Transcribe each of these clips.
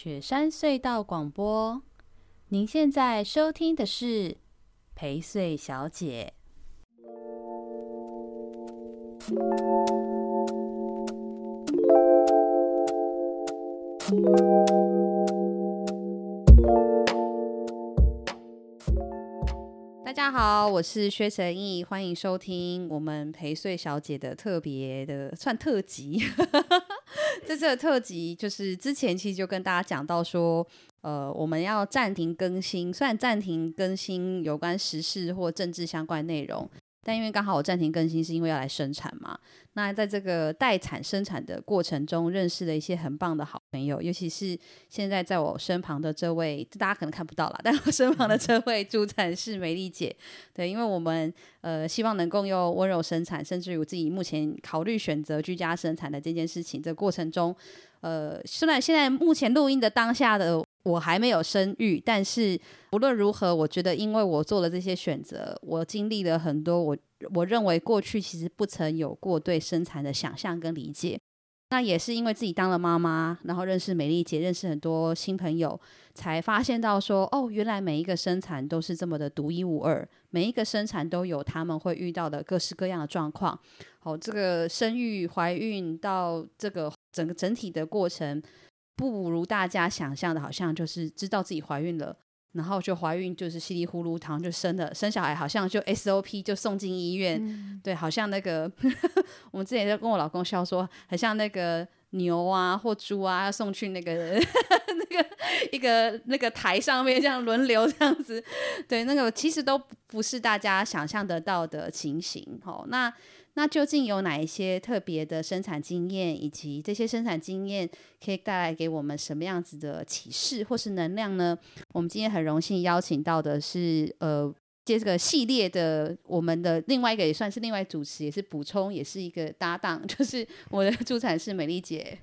雪山隧道廣播，您現在收聽的是陪隧小姐。大家好，我是薛神醫，歡迎收聽我們陪隧小姐的特別的算特輯。 這次的特輯，就是之前其實就跟大家講到說，呃，我們要暫停更新，雖然暫停更新有關時事或政治相關內容。但因為剛好我暫停更新，是因為要來生產嘛。那在這個待產生產的過程中，認識了一些很棒的好朋友，尤其是，現在在我身旁的這位，大家可能看不到了，但我身旁的這位助產師美麗姐。對，因為我們呃希望能夠用溫柔生產，甚至於我自己目前考慮選擇居家生產的這件事情，這過程中，呃，雖然現在目前錄音的當下的。我還沒有生育，但是無論如何，我覺得因為我做了這些選擇，我經歷了很多我，我我認為過去其實不曾有過對生產的想象跟理解。那也是因為自己當了媽媽，然後認識美麗姐，認識很多新朋友，才發現到說，哦，原來每一個生產都是這麼的獨一無二，每一個生產都有他們會遇到的各式各樣的狀況。好、哦，這個生育、懷孕到這個整個整體的過程。不如大家想象的，好像就是知道自己懷孕了，然後就懷孕，就是稀里糊塗，糖就生了，生小孩好像就 SOP 就送進醫院，嗯、對，好像那個呵呵我們之前就跟我老公笑說，很像那個牛啊或豬啊，要送去那個呵呵那個一個那個台上面這樣輪流這樣子，對，那個其實都不是大家想象得到的情形，哈、哦，那。那究竟有哪一些特別的生產經驗，以及這些生產經驗可以帶來給我們什麼樣子的啟示或是能量呢？我們今天很榮幸邀請到的是，呃，接這個系列的我們的另外一個也算是另外一個主持，也是補充，也是一個搭檔，就是我的助產師美麗姐。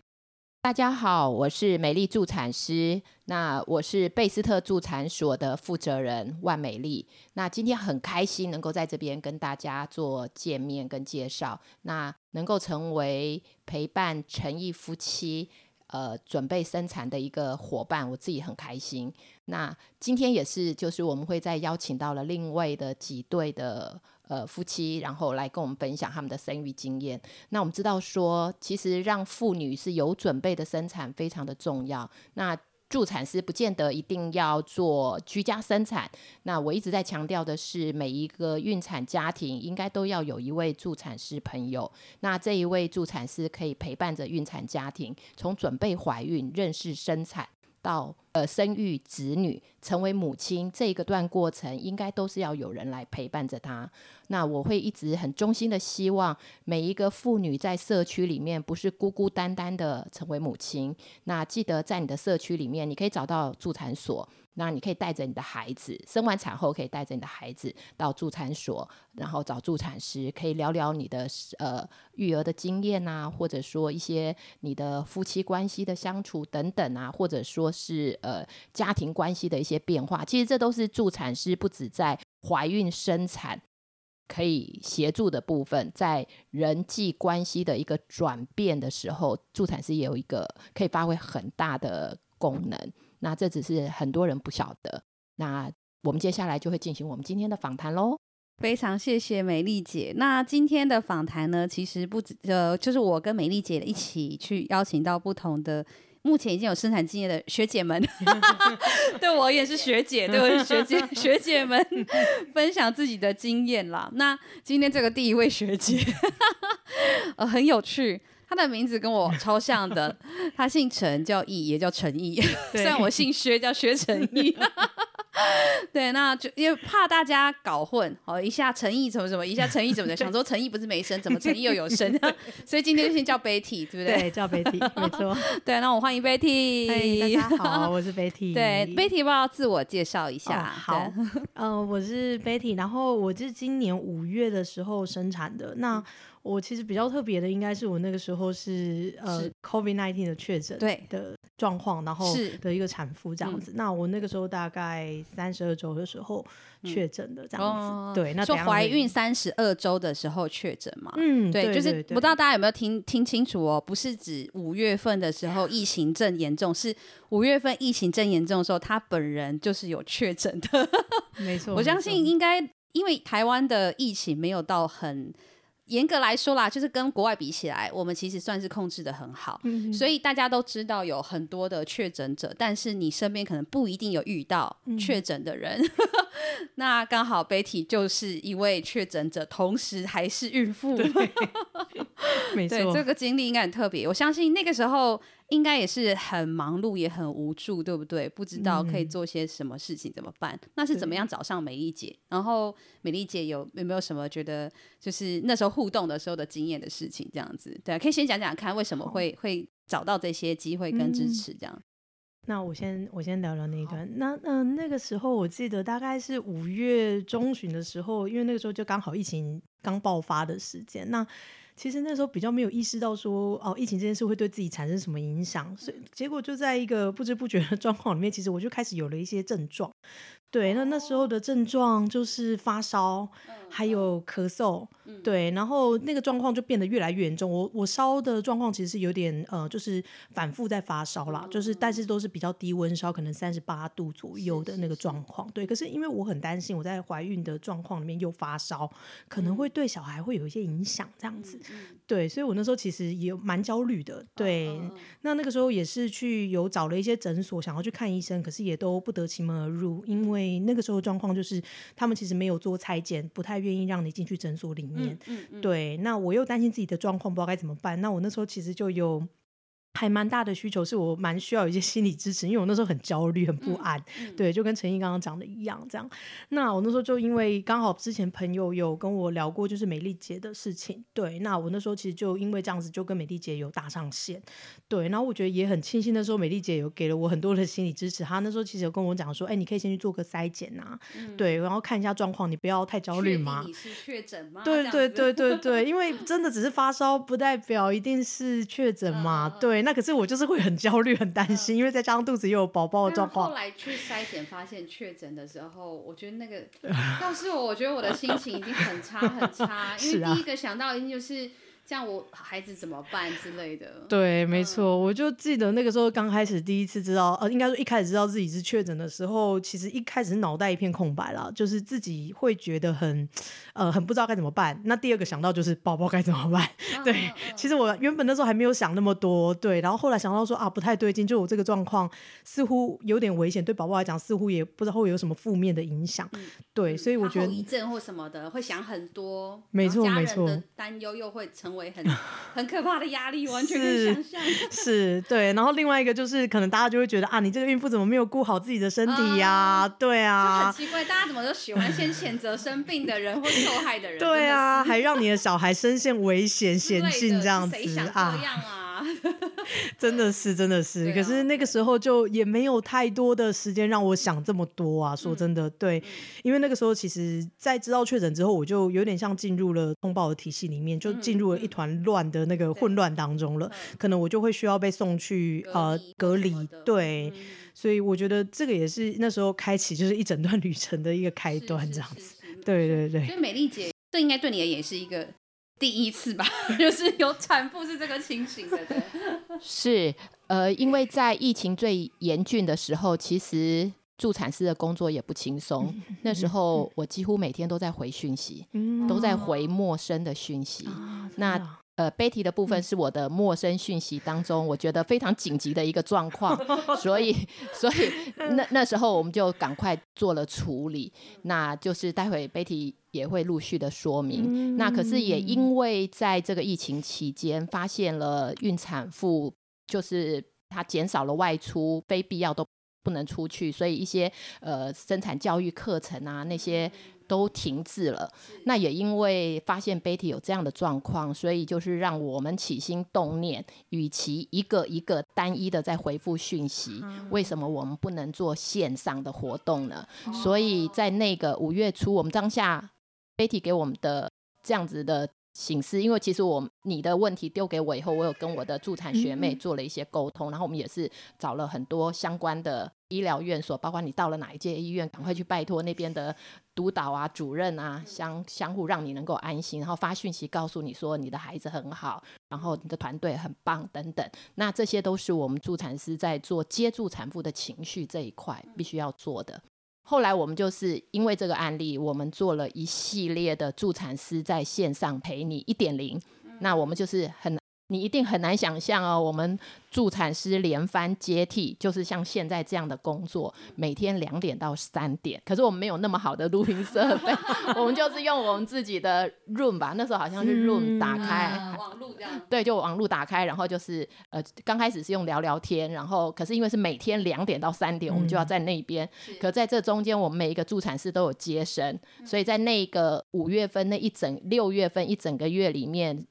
大家好，我是美麗助產師。那我是貝斯特助產所的負責人萬美麗。那今天很開心能夠在這邊跟大家做見面跟介紹。那能夠成為陪伴誠意夫妻呃，準備生產的一個夥伴，我自己很開心。那今天也是，就是我們會再邀請到了另外的幾對的。呃，夫妻，然後來跟我們分享他們的生育經驗。那我們知道說，其實讓婦女是有準備的生產非常的重要。那助產師不見得一定要做居家生產。那我一直在強調的是，每一個孕產家庭應該都要有一位助產師朋友。那這一位助產師可以陪伴着孕產家庭，從準備懷孕、認識生產。到呃生育子女、成為母親這一個段過程，應該都是要有人來陪伴着她。那我會一直很衷心的希望每一個婦女在社區裡面不是孤孤單單的成為母親。那記得在你的社區裡面，你可以找到助產所。那你可以帶着你的孩子，生完產後可以帶着你的孩子到助產所，然後找助產師，可以聊聊你的呃育兒的經驗啊，或者說一些你的夫妻關係的相處等等啊，或者說是呃家庭關係的一些變化。其實這都是助產師不只在懷孕生產可以協助的部分，在人際關係的一個轉變的時候，助產師也有一個可以發揮很大的功能。那這只是很多人不曉得。那我們接下來就會進行我們今天的訪談嘍。非常謝謝美麗姐。那今天的訪談呢，其實不止呃，就是我跟美麗姐一起去邀請到不同的目前已經有生產經驗的學姐們， 對我也是學姐，對學姐學姐們分享自己的經驗啦。那今天這個第一位學姐， 呃，很有趣。他的名字跟我超像的， 他姓陳，叫毅，也叫陳毅。雖然 我姓薛，叫薛陳毅。 對，那就因為怕大家搞混，好、哦，一下誠意怎麼怎麼，一下誠意怎麼的， 想說誠意不是沒生，怎麼誠意又有生。 所以今天就先叫 Betty，對不對？對，叫 Betty，沒錯。 對，那我歡迎 Betty，大家好，我是 Betty。 對，Betty 要 不要自我介紹一下哦？好，呃，我是 Betty，然後我是今年五月的時候生產的。那我其實比較特別的，應該是我那個時候是，是呃，COVID-19 的確診的，對的。狀況，然後是的一個產婦這樣子、嗯。那我那個時候大概三十二周的時候確診的這樣子。嗯嗯哦、對，那說懷孕三十二周的時候確診嘛？嗯，對，對，對，對，對，就是不知道大家有沒有聽聽清楚哦、喔？不是指五月份的時候疫情正嚴重，啊、是五月份疫情正嚴重的時候，他本人就是有確診的。 沒錯，我相信應該因為台灣的疫情沒有到很。嚴格來說啦，就是跟國外比起來，我們其實算是控制的很好，嗯。所以大家都知道有很多的確診者，但是你身邊可能不一定有遇到確診的人。嗯。 那剛好 Betty 就是一位確診者，同時還是孕婦。對， 沒錯，對，這個經歷應該很特別。我相信那個時候。應該也是很忙碌，也很無助，對不對？不知道可以做些什麼事情，怎麼辦、嗯？那是怎麼樣找上美麗姐？然後美麗姐有有沒有什麼覺得，就是那時候互動的時候的經驗的事情，這樣子對？可以先講講看，為什麼會會找到這些機會跟支持？這樣、嗯。那我先我先聊聊那一段。那那那個時候，我記得大概是五月中旬的時候，因為那個時候就剛好疫情剛爆發的時間。那其實那時候比較沒有意識到說哦，疫情這件事會對自己產生什麼影響，所以結果就在一個不知不覺的狀況裡面，其實我就開始有了一些症狀。對，那那時候的症狀就是發燒。還有咳嗽，對，然後那個狀況就變得越來越嚴重。我我燒的狀況其實是有點呃，就是反覆在發燒啦，就是但是都是比較低溫燒，可能三十八度左右的那個狀況。對，可是因為我很擔心我在懷孕的狀況裡面又發燒，可能會對小孩會有一些影響這樣子。對，所以我那時候其實也蠻焦慮的。對，那那個時候也是去有找了一些診所想要去看醫生，可是也都不得其門而入，因為那個時候狀況就是他們其實沒有做篩檢，不太。願意讓你進去診所裡面，嗯嗯嗯，對，那我又擔心自己的狀況，不知道該怎麼辦。那我那時候其實就有。還蠻大的需求，是我蠻需要一些心理支持，因為我那時候很焦慮、很不安，嗯嗯、對，就跟陳毅剛剛講的一樣，這樣。那我那時候就因為剛好之前朋友有跟我聊過，就是美麗姐的事情，對。那我那時候其實就因為這樣子，就跟美麗姐有打上線，對。然後我覺得也很慶幸，那時候美麗姐有給了我很多的心理支持，她那時候其實有跟我講說，哎、欸，你可以先去做個篩檢吶，對，然後看一下狀況，你不要太焦慮嘛，確診嗎？對對對對對， 因為真的只是發燒，不代表一定是確診嘛呵呵呵，對。那可是我就是會很焦慮、很擔心，因為再加上肚子又有寶寶的狀況。嗯、後來去篩檢發現確診的時候， 我覺得那個，要是我我覺得我的心情已經很，很差、很 差、啊，因為第一個想到一定就是。這樣我孩子怎麼辦之類的？對，沒錯、嗯。我就記得那個時候剛開始第一次知道，呃，應該說一開始知道自己是確診的時候，其實一開始腦袋一片空白了，就是自己會覺得很，呃，很不知道該怎麼辦。那第二個想到就是寶寶該怎麼辦？嗯、對、啊啊，其實我原本那時候還沒有想那麼多，對。然後後來想到說啊，不太對勁，就我這個狀況似乎有點危險，對寶寶來講似乎也不知道會有什麼負面的影響、嗯，對。所以我覺得、嗯、後遺症或什麼的會想很多，沒錯沒錯。擔憂又會成。很很可怕的壓力，完全是，想 象，是對。然後另外一個就是，可能大家就會覺得啊，你這個孕婦怎麼沒有顧好自己的身體呀、啊呃。對啊，就很奇怪， 大家怎麼都喜歡先譴責生病的人或受害的人？對啊，還讓你的小孩身陷危險險境， 這樣子是這樣啊？啊 真的是，真的是、啊,可是那個時候就也沒有太多的時間讓我想這麼多啊。嗯、說真的，對、嗯,因為那個時候其實，在知道確診之後，我就有點像進入了通報的體系裡面，就進入了一團亂的那個混亂當中了。嗯嗯、可能我就會需要被送去呃隔離，隔離對、嗯。所以我覺得這個也是那時候開啟，就是一整段旅程的一個開端，這樣子。對對對。所以美麗姐，這應該對你而言是一個。第一次吧，就是有產婦是這個情形的，對 是，呃，因為在疫情最嚴峻的時候，其實助產師的工作也不輕鬆。 那時候我幾乎每天都在回訊息、嗯，都在回陌生的訊息。哦、那、哦呃，Betty 的部分是我的陌生訊息當中，我覺得非常緊急的一個狀況， 所以，所以那那時候我們就趕快做了處理。 那就是待會 Betty 也會陸續的說明、嗯。那可是也因為在這個疫情期間，發現了孕產婦就是她減少了外出，非必要都不能出去，所以一些呃生產教育課程啊那些。都停滯了，那也因為發現 Betty 有這樣的狀況，所以就是讓我們起心動念，與其一個一個單一的在回覆訊息，為什麼我們不能做線上的活動呢？哦、所以在那個五月初，我們當下 Betty 給我們的這樣子的形式，因為其實我你的問題丟給我以後，我有跟我的助產學妹做了一些溝通，嗯嗯然後我們也是找了很多相關的。醫療院所，包括你到了哪一間醫院，趕快去拜托那邊的督導啊、主任啊，相相互讓你能夠安心，然後發訊息告訴你說，你的孩子很好，然後你的團隊很棒等等，那這些都是我們助產師在做接住產婦的情緒這一塊必須要做的。後來我們就是因為這個案例，我們做了一系列的助產師在線上陪你一點零，那我們就是很。你一定很難想象哦，我們助產師連番接替，就是像現在這樣的工作，每天兩點到三點。可是我們沒有那麼好的錄音設備， 我們就是用我們自己的 Room 吧。那時候好像是 Room 打開、嗯嗯嗯、網路這樣、對，就網路打開，然後就是呃，剛開始是用聊聊天，然後可是因為是每天兩點到三點、嗯，我們就要在那邊。可在這中間，我們每一個助產師都有接生，所以在那個五月份那一整六月份一整個月裡面。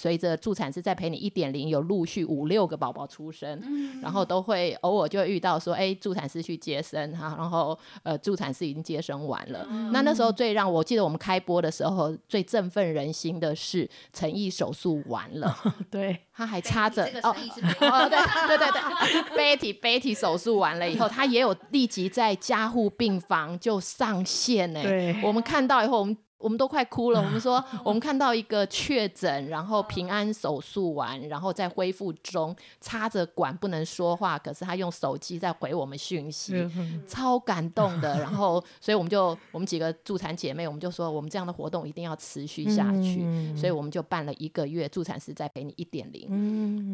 隨着助產師在陪你一點零，有陸續五六個寶寶出生、嗯，然後都會偶爾就會遇到說，哎，助產師去接生哈，然後呃，助產師已經接生完了、嗯，那那時候最讓我記得我們開播的時候最振奮人心的是陳毅手術完了、哦，對，他還插着這個哦，對對對對，Betty Betty 手術完了以後，他也有立即在加護病房就上線呢，對，我們看到以後我們，我們都快哭了，我們說，我們看到一個確診，然後平安手術完，然後在恢復中插，插着管不能說話，可是他用手機在回我們訊息， 超感動的。然後，所以我們就我們幾個助產姐妹，我們就說我們這樣的活動一定要持續下去。嗯嗯嗯，所以我們就辦了一個月助產師在陪你一點零。嗯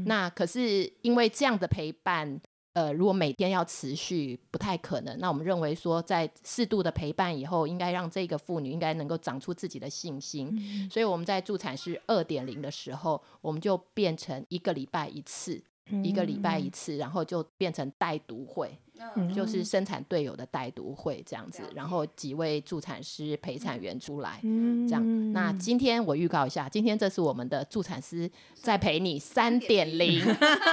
嗯，那可是因為這樣的陪伴。呃，如果每天要持續不太可能，那我們認為說，在適度的陪伴以後，應該讓這個婦女應該能夠長出自己的信心。嗯、所以我們在助產師二點零的時候，我們就變成一個禮拜一次，嗯，一個禮拜一次，然後就變成帶讀會。Uh, 就是生產隊友的帶讀會這樣，這樣子，然後幾位助產師陪產員出來，嗯、這樣。那今天我預告一下，今天這是我們的助產師在陪你三點零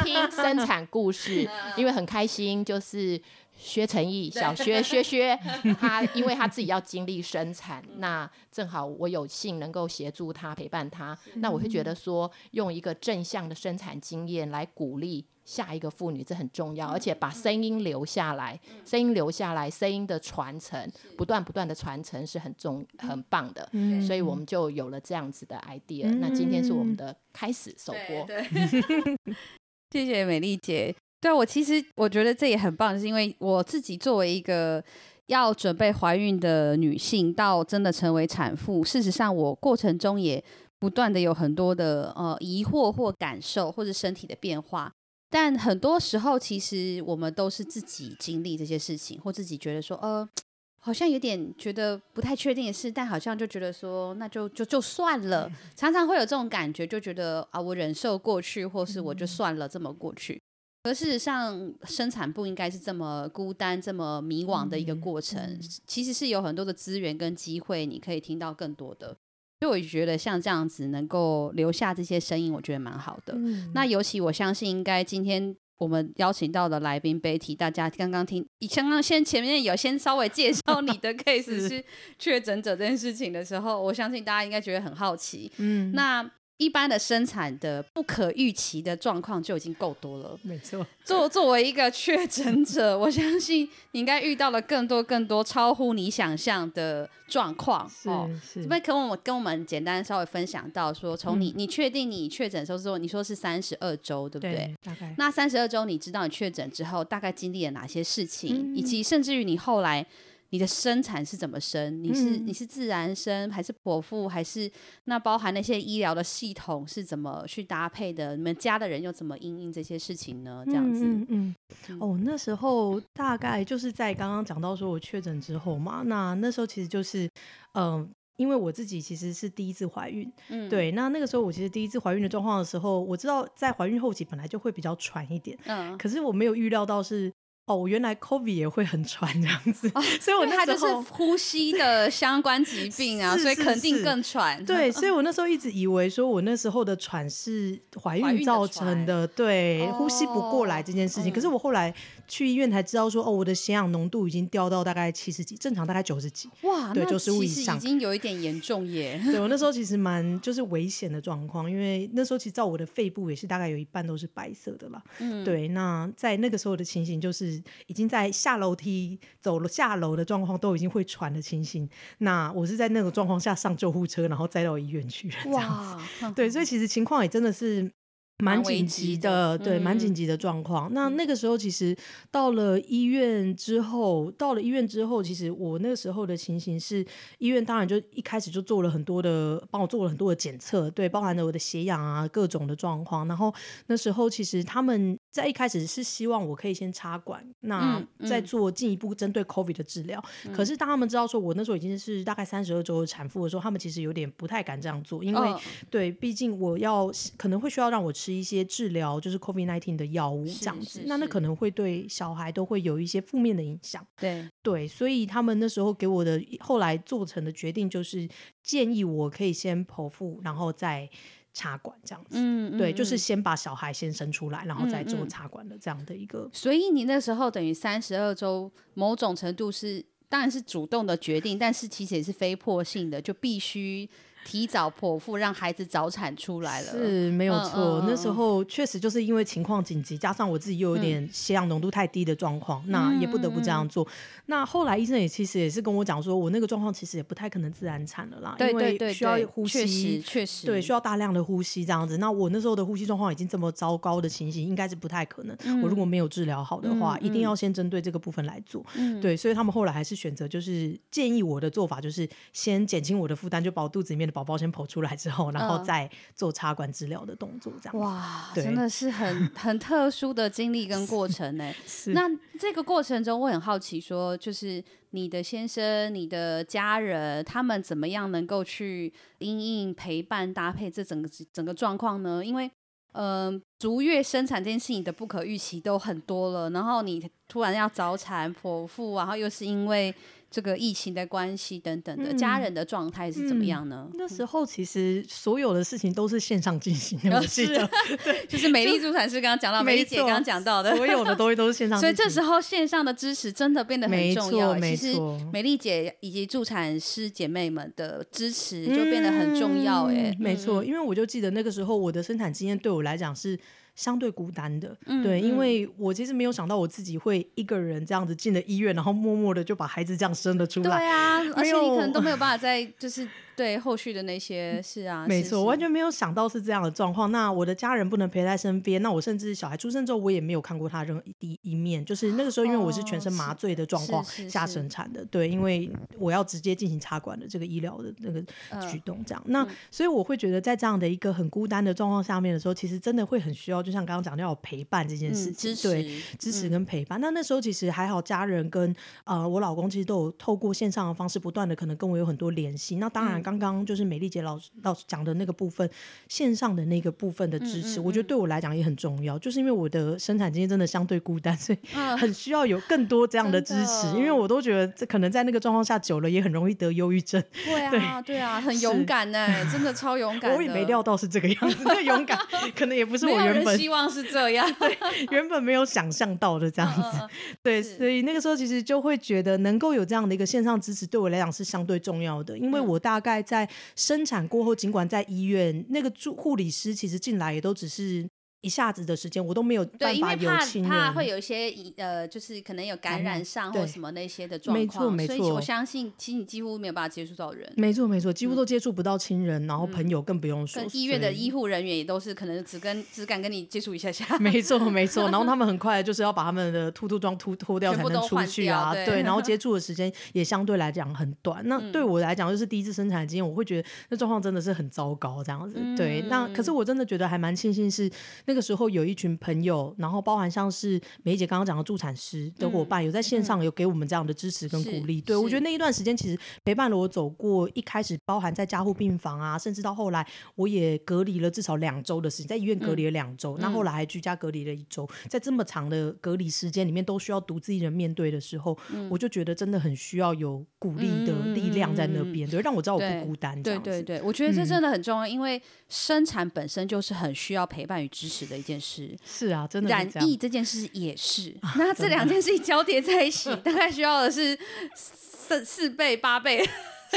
聽生產故事， 因為很開心，就是薛成義小薛薛薛， 他因為他自己要經歷生產， 那正好我有幸能夠協助他陪伴他，那我會覺得說用一個正向的生產經驗來鼓勵。下一個婦女這很重要，而且把聲音留下來。嗯嗯、聲音留下來，嗯、聲音的傳承，不斷不斷的傳承是很重很棒的，嗯，所以我們就有了這樣子的 idea、嗯。那今天是我們的開始首播，對對。 謝謝美麗姐。對，我其實我覺得這也很棒，就是因為我自己作為一個要準備懷孕的女性，到真的成為產婦，事實上我過程中也不斷的有很多的呃疑惑或感受，或是身體的變化。但很多時候，其實我們都是自己經歷這些事情，或自己覺得說，呃，好像有點覺得不太確定的事，但好像就覺得說，那就就就算了。常常會有這種感覺，就覺得啊，我忍受過去，或是我就算了，這麼過去、嗯。而事實上，生產不應該是這麼孤單、這麼迷惘的一個過程。嗯、其實是有很多的資源跟機會，你可以聽到更多的。所以我覺得像這樣子能夠留下這些聲音，我覺得蠻好的。嗯，那尤其我相信，應該今天我們邀請到的來賓 Betty，大家剛剛聽，你剛剛先前面有先稍微介紹你的 case 是，是確診者這件事情的時候，我相信大家應該覺得很好奇。嗯，那。一般的生產的不可預期的狀況就已經夠多了，沒錯。作作為一個確診者， 我相信你應該遇到了更多更多超乎你想象的狀況。哦，這邊跟我們跟我們簡單稍微分享到說，從你、嗯、你確定你確診的時候之後，你說是三十二周，對不對？對大概那三十二周，你知道你確診之後大概經歷了哪些事情，嗯、以及甚至於你後來。你的生產是怎麼生？你是、嗯、你是自然生還是剖腹？還是那包含那些醫療的系統是怎麼去搭配的？你們家的人又怎麼因應這些事情呢？這樣子，嗯，嗯，嗯，嗯哦，那時候大概就是在剛剛講到說我確診之後嘛，那那時候其實就是，嗯、呃，因為我自己其實是第一次懷孕，嗯，對，那那個時候我其實第一次懷孕的狀況的時候，我知道在懷孕後期本來就會比較喘一點，嗯，可是我沒有預料到是。哦，原來 COVID 也會很喘這樣子，哦、所以它就是呼吸的相關疾病啊， 是是是，所以肯定更喘，是是是、嗯。對，所以我那時候一直以為說我那時候的喘是懷孕造成的，的，對，呼吸不過來這件事情。哦、可是我後來。嗯嗯去醫院才知道說，哦，我的血氧濃度已經掉到大概七十幾，正常大概九十幾，哇，對，九十五以上，已經有一點嚴重耶。對，我那時候其實蠻就是危險的狀況， 因為那時候其實照我的肺部也是大概有一半都是白色的了，嗯。對，那在那個時候的情形就是已經在下樓梯走了下樓的狀況都已經會喘的情形，那我是在那個狀況下上救護車，然後載到醫院去。哇，嗯，對，所以其實情況也真的是。蠻緊急的，蠻的，對，蠻緊急的、嗯、嗯、狀況。那那個時候，其實到了醫院之後，到了醫院之後，其實我那個時候的情形是，醫院當然就一開始就做了很多的，幫我做了很多的檢測，對，包含了我的血氧啊，各種的狀況。然後那時候，其實他們在一開始是希望我可以先插管，那再做進一步針對 COVID 的治療、嗯嗯。可是當他們知道說我那時候已經是大概三十二周的產婦的時候，他們其實有點不太敢這樣做，因為、哦、對，畢竟我要可能會需要讓我吃。吃一些治療就是 COVID-19 的藥物這樣子，是是是，那那可能會對小孩都會有一些負面的影響。對對，所以他們那時候給我的後來做成的決定就是建議我可以先剖腹，然後再插管這樣子。嗯嗯嗯對，就是先把小孩先生出來，然後再做插管的這樣的一個。所以你那時候等於三十二週，某種程度是當然是主動的決定，但是其實也是非迫性的，就必須。提早剖腹讓孩子早產出來了，是沒有錯、嗯嗯。那時候確實就是因為情況緊急，加上我自己又有點血氧濃度太低的狀況、嗯，那也不得不這樣做嗯嗯嗯。那後來醫生也其實也是跟我講說，我那個狀況其實也不太可能自然產了啦對對對對，因為需要呼吸，確實，確實。對，需要大量的呼吸這樣子。那我那時候的呼吸狀況已經這麼糟糕的情形，應該是不太可能、嗯。我如果沒有治療好的話嗯嗯，一定要先針對這個部分來做、嗯。對，所以他們後來還是選擇就是建議我的做法，就是先減輕我的負擔，就把我肚子裡面的。寶寶先跑出來之後，然後再做插管治療的動作，這樣、嗯。哇，真的是很很特殊的經歷跟過程呢。 那這個過程中，我很好奇說，說就是你的先生、你的家人，他們怎麼樣能夠去因應應陪伴、搭配這整個整個狀況呢？因為，嗯、呃，足月生產這件事情你的不可預期都很多了，然後你突然要早產、剖腹、啊，然後又是因為。這個疫情的關係等等的，嗯、家人的狀態是怎麼樣呢，嗯？那時候其實所有的事情都是線上進行的，嗯，我記得，是 對，就是美麗助產師剛剛講到，美麗姐剛剛講到的，所有的東西都是線上。 所以這時候線上的支持真的變得很重要，沒錯。其實美麗姐以及助產師姐妹們的支持就變得很重要。哎，嗯嗯，沒錯，因為我就記得那個時候我的生產經驗對我來講是。相對孤單的，嗯嗯，對，因為我其實沒有想到我自己會一個人這樣子進了醫院，然後默默的就把孩子這樣生了出來，對啊，而且你可能都沒有辦法在就是。對後續的那些事啊，沒錯，我完全沒有想到是這樣的狀況。那我的家人不能陪在身邊，那我甚至小孩出生之後，我也沒有看過他任何一一面。就是那個時候，因為我是全身麻醉的狀況下生產的，哦，對，因為我要直接進行插管的這個醫療的那個舉動，這樣。嗯呃、那、嗯、所以我會覺得，在這樣的一個很孤單的狀況下面的時候，其實真的會很需要，就像剛剛講的，要陪伴這件事情，嗯，對，支持跟陪伴。那、嗯、那時候其實還好，家人跟呃我老公其實都有透過線上的方式，不斷的可能跟我有很多聯繫。那當然、嗯。剛剛就是美麗姐老師老師講的那個部分，線上的那個部分的支持，嗯嗯嗯，我覺得對我來講也很重要，就是因為我的生產經驗真的相對孤單，所以很需要有更多這樣的支持，嗯、因為我都覺得這可能在那個狀況下久了也很容易得憂鬱症對對啊，對啊，很勇敢耶，真的超勇敢。我也沒料到是這個樣子的勇敢， 可能也不是我原本希望是這樣， 對，原本沒有想象到的這樣子，嗯、對，所以那個時候其實就會覺得能夠有這樣的一個線上支持，對我來講是相對重要的，因為我大概。在生產過後，儘管在醫院，那個助護理師其實進來也都只是。一下子的時間，我都沒有辦法有親人。對，因為怕，怕會有一些，呃，就是可能有感染上或什麼那些的狀況、嗯。沒錯沒錯。所以我相信，其實你幾乎沒有辦法接觸到人。沒錯沒錯，幾乎都接觸不到親人、嗯，然後朋友更不用說。醫院的醫護人員也都是可能只跟只敢跟你接觸一下下。沒錯沒錯，然後他們很快就是要把他們的兔兔裝脫脫掉才能出去啊。對，對，然後接觸的時間也相對來講很短、嗯。那對我來講就是第一次生產的經驗，我會覺得那狀況真的是很糟糕這樣子、嗯。對，那可是我真的覺得還蠻慶幸是。那個時候有一群朋友，然後包含像是梅姐剛剛講的助產師的夥伴、嗯，有在線上有給我們這樣的支持跟鼓勵。對我覺得那一段時間其實陪伴了我走過一開始，包含在加護病房啊，甚至到後來我也隔離了至少兩周的時間，在醫院隔離了兩周，那、嗯、後、後來還居家隔離了一周、嗯，在這麼長的隔離時間裡面，都需要獨自一人面對的時候、嗯，我就覺得真的很需要有鼓勵的力量在那邊、嗯嗯嗯嗯，對，讓我知道我不孤單這樣子。對、對對對，我覺得這真的很重要，嗯、因為生產本身就是很需要陪伴與支持的一件事是啊，真的染疫這，這件事也是。啊、那這兩件事交疊在一起，大概需要的是四 四倍、八倍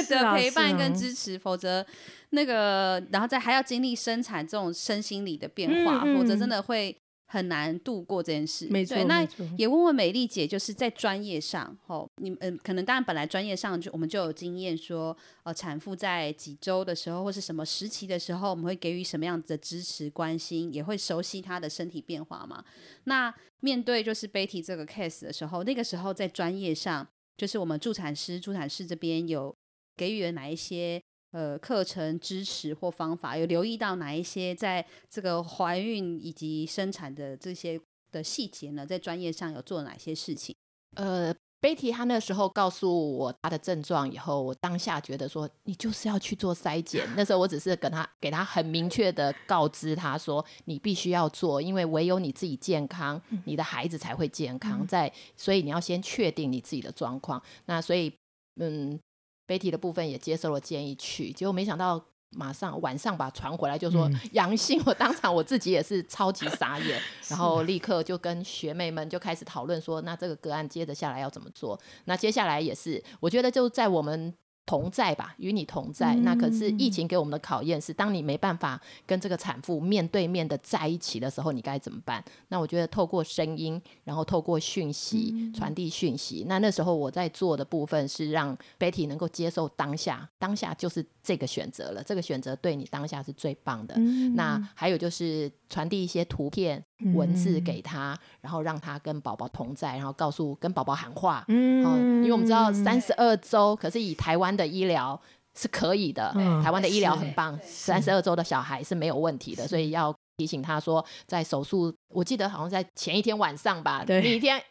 的陪伴跟支持，啊啊、否則那個，然後再還要經歷生產這種身心理的變化，否、嗯、則、嗯、真的會。很難度過這件事，沒錯。沒錯，那也問問美麗姐，就是在專業上，哦、你嗯、呃，可能當然本來專業上就我們就有經驗說，說呃，產婦在幾周的時候或是什麼時期的時候，我們會給予什麼樣子的支持關心，也會熟悉她的身體變化嘛。那面對就是 Betty 這個 case 的時候，那個時候在專業上，就是我們助產師、助產室這邊有給予了哪一些？呃，課程、支持或方法有留意到哪一些？在這個懷孕以及生產的這些的細節呢？在專業上有做哪些事情？呃，Betty，她那時候告訴我她的症狀以後，我當下覺得說，你就是要去做篩檢。那時候我只是跟她給她很明確的告知她說，你必須要做，因為唯有你自己健康，嗯、你的孩子才會健康。在、嗯、所以你要先確定你自己的狀況。那所以，嗯。Betty 的部分也接受了建議去，結果沒想到馬上晚上把傳回來就說陽性，我當場我自己也是超級傻眼、嗯， 然後立刻就跟學妹們就開始討論說，那這個個案接着下來要怎麼做？那接下來也是，我覺得就在我們。同在吧，與你同在。嗯嗯嗯。那可是疫情給我們的考驗是，當你沒辦法跟這個產婦面對面的在一起的時候，你該怎麼辦？那我覺得透過聲音，然後透過訊息傳遞訊息。那那時候我在做的部分是讓 Betty 能夠接受當下，當下就是這個選擇了，這個選擇對你當下是最棒的。嗯嗯嗯。那還有就是傳遞一些圖片、文字給他，然後讓他跟寶寶同在，然後告訴跟寶寶喊話。嗯嗯嗯嗯，因為我們知道三十二週，可是以台灣。的醫療是可以的，哦、台灣的醫療很棒。三十二週的小孩是沒有問題的，所以要提醒他說，在手術，我記得好像在前一天晚上吧。對，每一天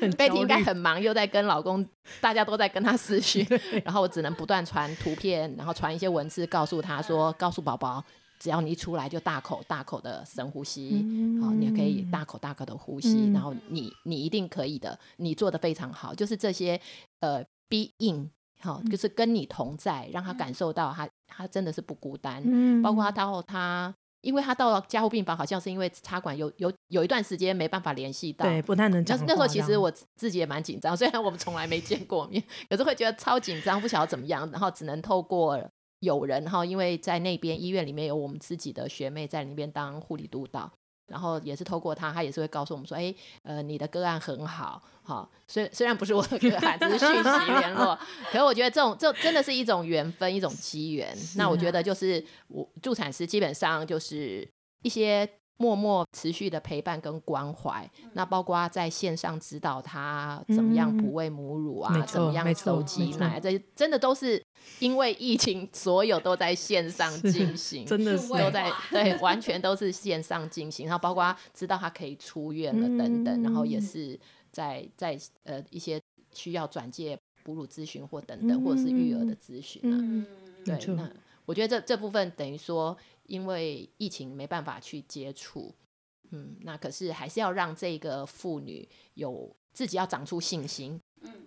Betty 應該很忙，又在跟老公，大家都在跟他私訊。然後我只能不斷傳圖片，然後傳一些文字，告訴他說，告訴寶寶，只要你一出來就大口大口的深呼吸，好、嗯，你可以大口大口的呼吸，嗯、然後你你一定可以的，你做的非常好。就是這些呃，be in。好、哦，就是跟你同在，嗯、讓他感受到他、嗯、他真的是不孤單。嗯，包括他到他，因為他到了加護病房，好像是因為插管有有有，有一段時間沒辦法聯繫到，對，不太能。但是那時候其實我自己也蠻緊張，雖然我們從來沒見過面，有 時會覺得超緊張，不曉得怎麼樣，然後只能透過友人，然後因為在那邊醫院裡面有我們自己的學妹在那邊當護理督導。然後也是透過他，他也是會告訴我們說，哎，呃，你的個案很好，好、哦，雖雖然不是我的個案， 只是訊息聯絡， 可是我覺得這種這真的是一種緣分，一種機緣。啊、那我覺得就是我助產師基本上就是一些。默默持續的陪伴跟關懷，那包括在線上指導他怎麼樣哺餵母乳啊，嗯、怎麼樣手擠奶，這真的都是因為疫情，所有都在線上進行，是真的是都在對， 完全都是線上進行。然後包括知道他可以出院了等等，嗯、然後也是在在呃一些需要轉介哺乳諮詢或等等，嗯、或者是育兒的諮詢、啊。嗯，對，那我覺得這這部分等於說。因為疫情沒辦法去接觸，嗯，那可是還是要讓這個婦女有自己要長出信心，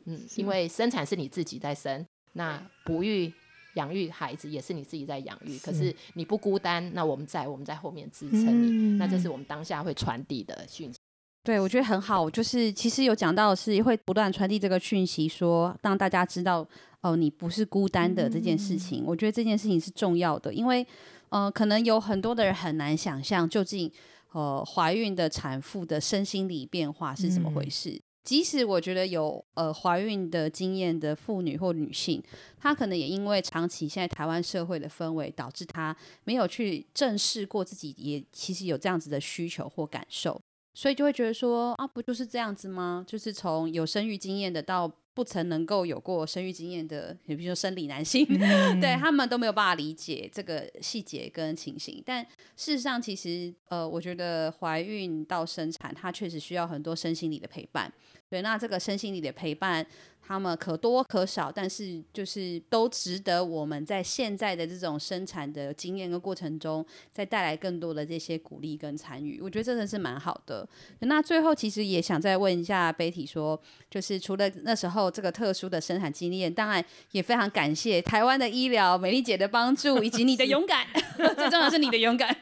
嗯，因為生產是你自己在生，那哺育、養育孩子也是你自己在養育，是可是你不孤單，那我們在我們在後面支撐你，嗯，那這是我們當下會傳遞的訊息。對，我覺得很好，就是其實有講到是會不斷傳遞這個訊息說，說讓大家知道哦、呃，你不是孤單的這件事情，嗯。我覺得這件事情是重要的，因為。嗯、呃，可能有很多的人很難想象究竟，呃，懷孕的產婦的身心理變化是怎麼回事。嗯、即使我覺得有呃懷孕的經驗的婦女或女性，她可能也因為長期現在台灣社會的氛圍，導致她沒有去正視過自己也其實有這樣子的需求或感受，所以就會覺得說啊，不就是這樣子嗎？就是從有生育經驗的到。不曾能夠有過生育經驗的，比如說生理男性，嗯、 對他們都沒有辦法理解這個細節跟情形。但事實上，其實呃，我覺得懷孕到生產，它確實需要很多身心理的陪伴。對，那這個身心理的陪伴。他們可多可少，但是就是都值得我們在現在的這種生產的經驗跟過程中，再帶來更多的這些鼓勵跟參與，我覺得真的是蠻好的。嗯、那最後其實也想再問一下 Betty 說，就是除了那時候這個特殊的生產經驗，當然也非常感謝台灣的醫療、美麗姐的幫助，以及你的勇敢， 是的 最重要的是你的勇敢，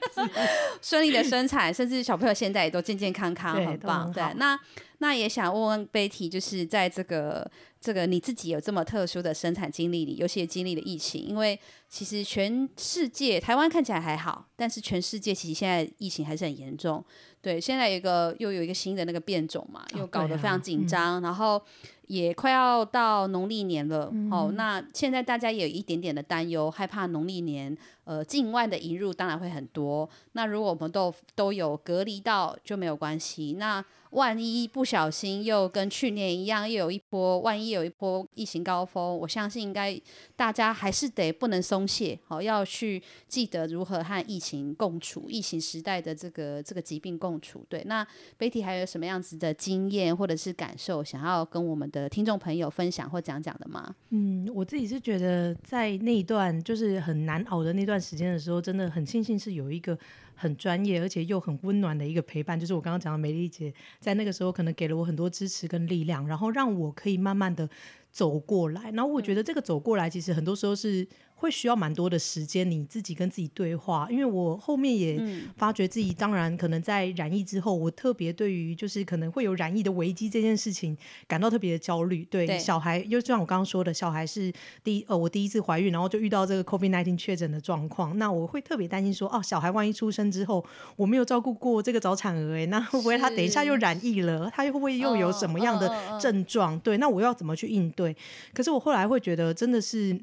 順 利的生產，甚至小朋友現在也都健健康康， 很棒好。對，那。那也想問問貝 e 就是在這個這個你自己有這麼特殊的生產經歷裡，尤其也經歷了疫情，因為其實全世界台灣看起來還好，但是全世界其實現在疫情還是很嚴重。對，現在有一個又有一個新的那個變種嘛，又搞得非常緊張，哦啊嗯，然後也快要到農曆年了，嗯。哦，那現在大家也有一點點的擔憂，害怕農曆年。呃，境外的引入當然會很多。那如果我們都都有隔離到就沒有關係。那萬一不小心又跟去年一樣，又有一波，萬一有一波疫情高峰，我相信應該大家還是得不能鬆懈，好、哦，要去記得如何和疫情共處，疫情時代的這個這個疾病共處。對，那 Betty 還有什麼樣子的經驗或者是感受，想要跟我們的聽眾朋友分享或講講的嗎？嗯，我自己是覺得在那一段就是很難熬的那段時間的時候，真的很慶幸是有一個很專業，而且又很溫暖的一個陪伴，就是我剛剛講的美麗姐，在那個時候可能給了我很多支持跟力量，然後讓我可以慢慢的走過來。然後我覺得這個走過來，其實很多時候是，會需要蠻多的時間，你自己跟自己對話。因為我後面也發覺自己，當然可能在染疫之後，嗯、我特別對於就是可能會有染疫的危機這件事情感到特別的焦慮。對，小孩，又就像我剛剛說的，小孩是第一呃我第一次懷孕，然後就遇到這個 COVID-19 確診的狀況，那我會特別擔心說，哦、啊，小孩萬一出生之後我沒有照顧過這個早產兒、欸，哎，那會不會他等一下又染疫了？他會不會又有什麼樣的症狀、呃？對，那我要怎麼去應對？可是我後來會覺得，真的是。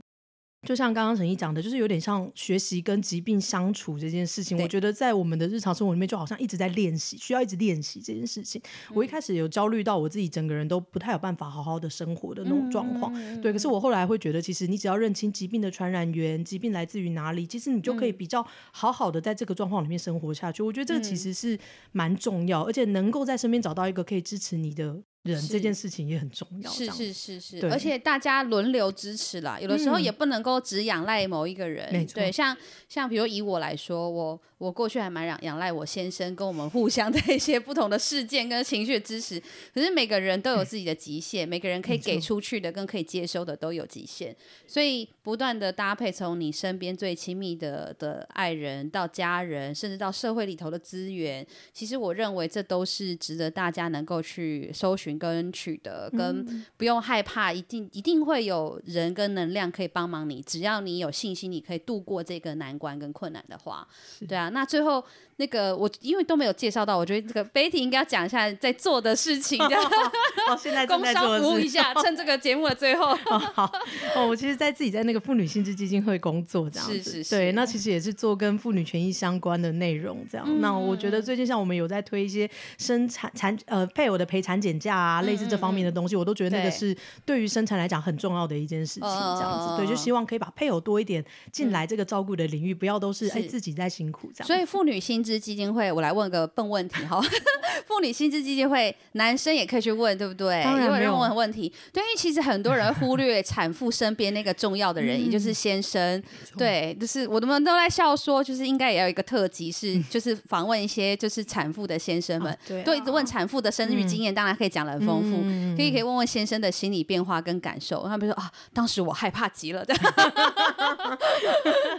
就像剛剛陳毅講的，就是有點像學習跟疾病相處這件事情。我覺得在我們的日常生活裡面，就好像一直在練習，需要一直練習這件事情、嗯。我一開始有焦慮到我自己整個人都不太有辦法好好的生活的那種狀況、嗯嗯嗯嗯。對，可是我後來會覺得，其實你只要認清疾病的傳染源，疾病來自於哪裡，其實你就可以比較好好的在這個狀況裡面生活下去、嗯。我覺得這個其實是蠻重要、嗯，而且能夠在身邊找到一個可以支持你的。人這件事情也很重要，是是是是，而且大家輪流支持啦，有的時候也不能夠只仰賴某一個人，嗯、對，像像比如以我來說，我我過去還蠻仰仰賴我先生跟我們互相的一些不同的事件跟情緒的支持，可是每個人都有自己的極限，每個人可以給出去的跟可以接收的都有極限，所以不斷的搭配從你身邊最親密的的愛人到家人，甚至到社會裡頭的資源，其實我認為這都是值得大家能夠去搜尋跟取得，跟不用害怕，嗯、一定一定會有人跟能量可以幫忙你，只要你有信心，你可以度過這個難關跟困難的話，對啊，那最後。那個我因為都沒有介紹到，我覺得這個 Betty 應該要講一下在做的事情，哦，這樣哦現在，在工商服務一下、哦，趁這個節目的最後，哦好，哦， 哦我其實在自己在那個婦女新知基金會工作這樣子是是是，對，那其實也是做跟婦女權益相關的內容這樣，嗯、那我覺得最近像我們有在推一些生產產呃配偶的陪產檢假啊，類似這方面的東西、嗯，我都覺得那個是對於生產來講很重要的一件事情、嗯，這樣子、嗯，對，就希望可以把配偶多一點進來這個照顧的領域，嗯、不要都是哎自己在辛苦這樣，所以婦女新知基金會，我來問個笨問題哈。婦 女新知基金會，男生也可以去問，對不對？有人問，問問題，對，因為其實很多人忽略產婦身邊那個重要的人，嗯、也就是先生。嗯、對，就是我們都在笑說，就是應該也要一個特輯，是就是訪問一些就是產婦的先生們，啊對，啊、對，都一直問產婦的生育經驗，嗯、當然可以講得很豐富、嗯，可以可以問問先生的心理變化跟感受。他們說啊，當時我害怕極了，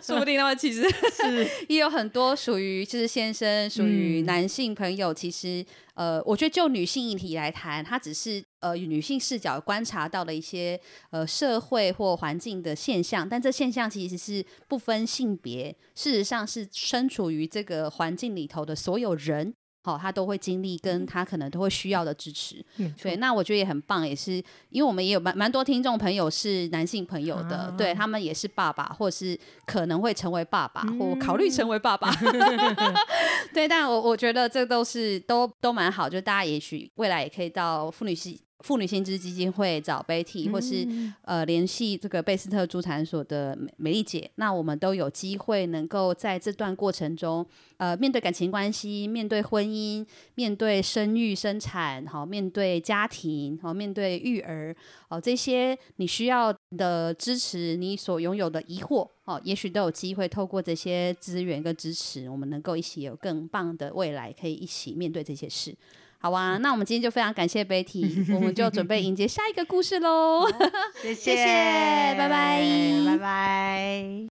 說 不定他們其實 是 也有很多屬於就是。先生屬於男性朋友，嗯、其實呃，我覺得就女性議題來談，他只是呃女性視角觀察到了一些呃社會或環境的現象，但這現象其實是不分性別，事實上是身處於這個環境裡頭的所有人。好、哦，他都會經歷，跟他可能都會需要的支持。所、嗯、以、嗯、那我覺得也很棒，也是因為我們也有蠻蠻多聽眾朋友是男性朋友的，啊、對他們也是爸爸，或是可能會成為爸爸，嗯、或考慮成為爸爸。 對，但我我覺得這都是都都蠻好，就大家也許未來也可以到婦女系。婦女新知基金會找 Betty，或是嗯嗯呃聯繫這個貝斯特助產所的美美麗姐，那我們都有機會能夠在這段過程中，呃，面對感情關係，面對婚姻，面對生育生產，好、哦，面對家庭，好、哦，面對育兒，好、哦、這些你需要的支持，你所擁有的疑惑，哦，也許都有機會透過這些資源跟支持，我們能夠一起有更棒的未來，可以一起面對這些事。好啊，那我們今天就非常感謝 Betty 我們就準備迎接下一個故事嘍。 謝、謝、 謝謝，拜拜，拜拜。拜拜拜拜。